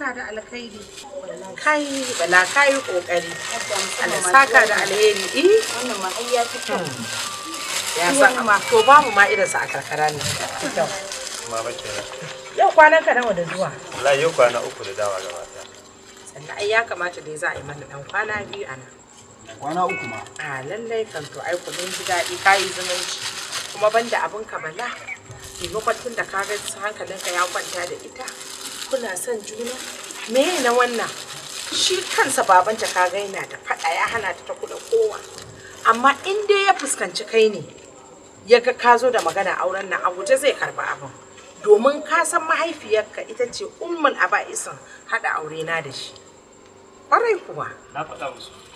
saka da alkhairi kai bala kai kokari Allah saka da alheri eh wannan ma ai ya fito hmm. ya san amma to ba mu ma irinsa a karkara ne kenan yau kwanan ka nawa da zuwa wallahi yau kwana uku da dawa gaba ta sannan ai ya kamata dai za a yi mana dan kwana biyu ana kwana uku ma a lallai kan to ai ku ji daɗi kayi zumunci kuma banda abin ka bala taimakon tun da ka hankalinka ya kwanta da ita kuna son juna me na wannan shi kansa babanta ka yana da faɗa ya hana ta ta kula kowa amma in dai ya fuskanci kai ne ya ga ka zo da magana auren nan a guje zai karba abin domin ka san mahaifiyarka ita ce ummul aba'isin haɗa aure na da shi ƙwarai kuwa na faɗa musu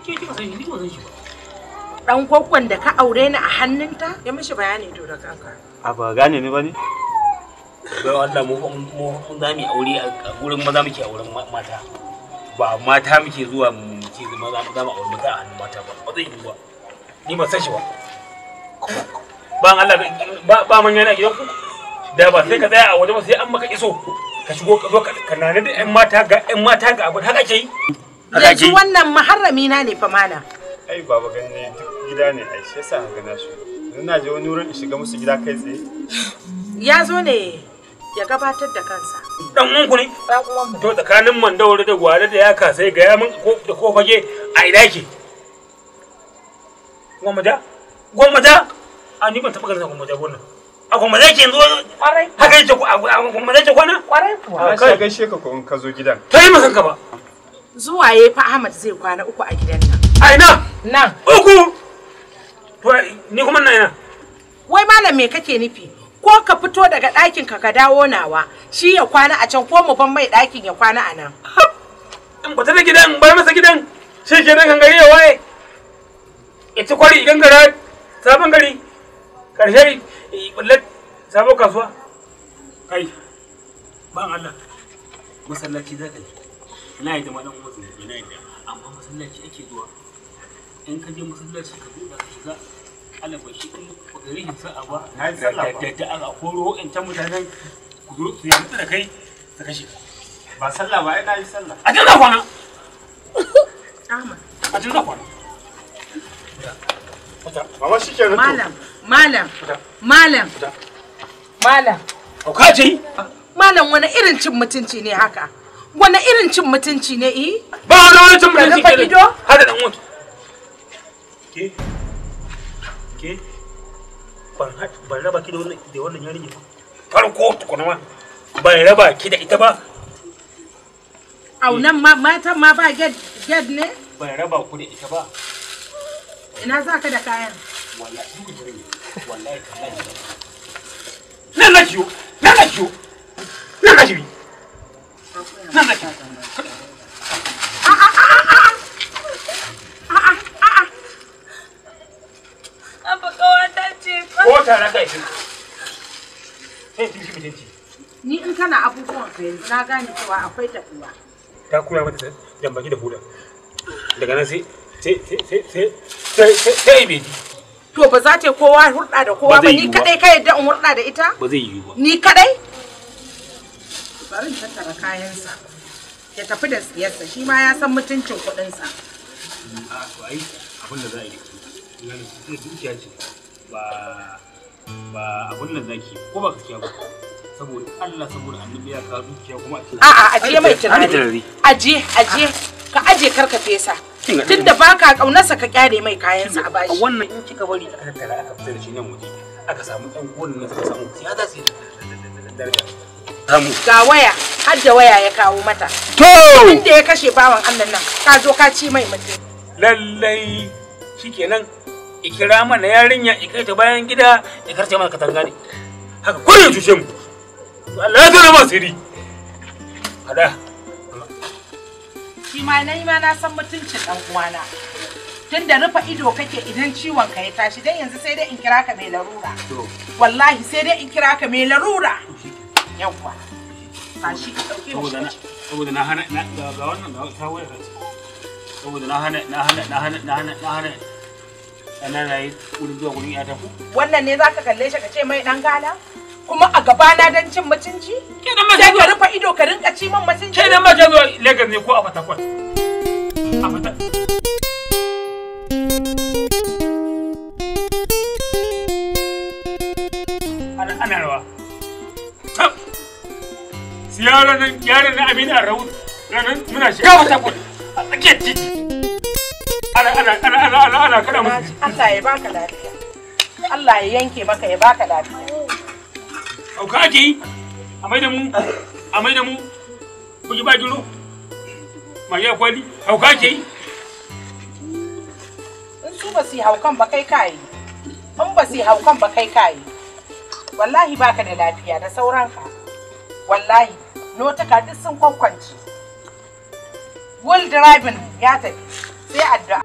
ke kika san ni ba san shi ba dan kokon da ka aure ni a hannunta ya mishi bayani to da kanka a ba gane ni ba ne bai Allah mu mu za mu aure a gurin maza muke auren mata ba mata muke zuwa mu ce maza mu za mu aure mata a hannun mata ba ba zai yi ba ni ba san shi ba ban Allah ba ba man yana gidan ku da ba sai ka tsaya a waje ba sai an maka iso ka shigo ka zo ka nane da mata ga ƴan mata ga abin haka ke yi yanzu wannan maharrami na ne fa mana ai baba ganin duk gida ne ai shi yasa ga na shi na je wani wurin in shiga musu gida kai tsaye ya zo ne ya gabatar da kansa dan uwanku ne to tsakanin mandawari da gware da yaka sai ga ya min da ko fage a ina ke gwamnati gwamnati a ni ban taɓa ganin gwamnati wannan a gwamnati ke yanzu haka yake a gwamnati ke kwana kwarai a kai gaishe ka ko in ka zo gidan ta yi ka ba zuwa ya fa Ahmad zai kwana uku a gidan nan. A ina? Nan. Uku! Ni kuma na ina? Wai malam me kake nufi? Ko ka fito daga ɗakin ka ka dawo nawa shi ya kwana a can ko mu ban mai ɗakin ya kwana a nan. In ba ta da gidan bar masa gidan shi ke nan gangare ya waye. Ya ci kwari gangara sabon gari karshe ballar sabon kasuwa. Kai ban Allah masallaci za ka yi. na yadda ma dan uwan zai na yadda amma masallaci ake zuwa in ka je masallaci ka buɗa ka shiga alabar shi in gari shi sa'a ba na sallah da da koro in ta mutanen ku su da kai su kashe ka ba sallah ba ai yi sallah a jirga kwana a jirga kwana Mama shi ke Malam, malam, malam, malam. Malam wani irin cin mutunci ne haka? wani irin cin mutunci ne eh ba wani wani cin mutunci ke ne hada dan wato ke ke ban raba ki da wannan da wannan yarinya farko tukuna ma ban raba ki da ita ba aunan matan ma ba ged ged ne ban raba ku da ita ba ina za ka da kayan wallahi wallahi nan na kiyo nan na kiyo tara ga sai shi ni in kana abubuwan ka na gane cewa akwai tafiya. ta mata da huda daga nan sai sai sai sai sai sai sai to ba za ta kowa hurɗa da kowa ba ni kadai ka yadda in hurɗa da ita ba zai ba ni kadai bari in tattara kayansa ya tafi da siyarsa shi ma ya san mutuncin kuɗinsa a to ai abin da za a yi dukiya ce ba ba abun nan zaki ko ba gaskiya ba saboda Allah saboda annabi ya ka dukiya kuma a cikin a'a aje mai tunani aje aje ka aje karka fesa tun da baka kaunarsa ka kyare mai kayansa a bashi wannan in kika bari aka kara aka fitar da shi nan waje aka samu ɗan gonin na aka samu ya za su yi ga waya har da waya ya kawo mata to inda ya kashe bawan Allah nan ka zo ka ci mai mutum lallai shikenan ikira mana yarinya ikai ta bayan gida ya karce mana katanga ne haka kuri ya cuce mu Allah ya tana ma sirri ada shi ma nayi ma na san mutuncin dan uwana tun da rufa ido kake idan ciwon ka ya tashi dan yanzu sai dai in kira ka mai larura wallahi sai dai in kira ka mai larura yawwa tashi ka dauke shi saboda na hana na ga wannan ga ta wayar saboda na hana na hana na hana na hana Ana rayu wurin zuwa wurin ya tafi. Wannan ne za ka kalle shi ka ce mai dan gala? Kuma a gaba na don cin mutunci? Ke da mace zuwa. ka rufe ido ka rinka ci min mutunci. Ke da mace zuwa Lagos ne ko a Fatakwal? A Fatakwal. Ana rawa. Tab! Siyarar nan, yaran na Aminu a rawu. Ranar muna shiga Fatakwal a tsakiyar titi. ana Allah ya baka yanke maka ya baka lafiya auka ake yi a mai da mu a mai da mu ku ji ba giro mai ya kwali auka ake yi in su ba su yi haukan ba kai kayi in ba su yi haukan ba kai kayi wallahi baka da lafiya da sauranka wallahi notaka duk sun kwankwanci wheel driving ya tafi sai addu'a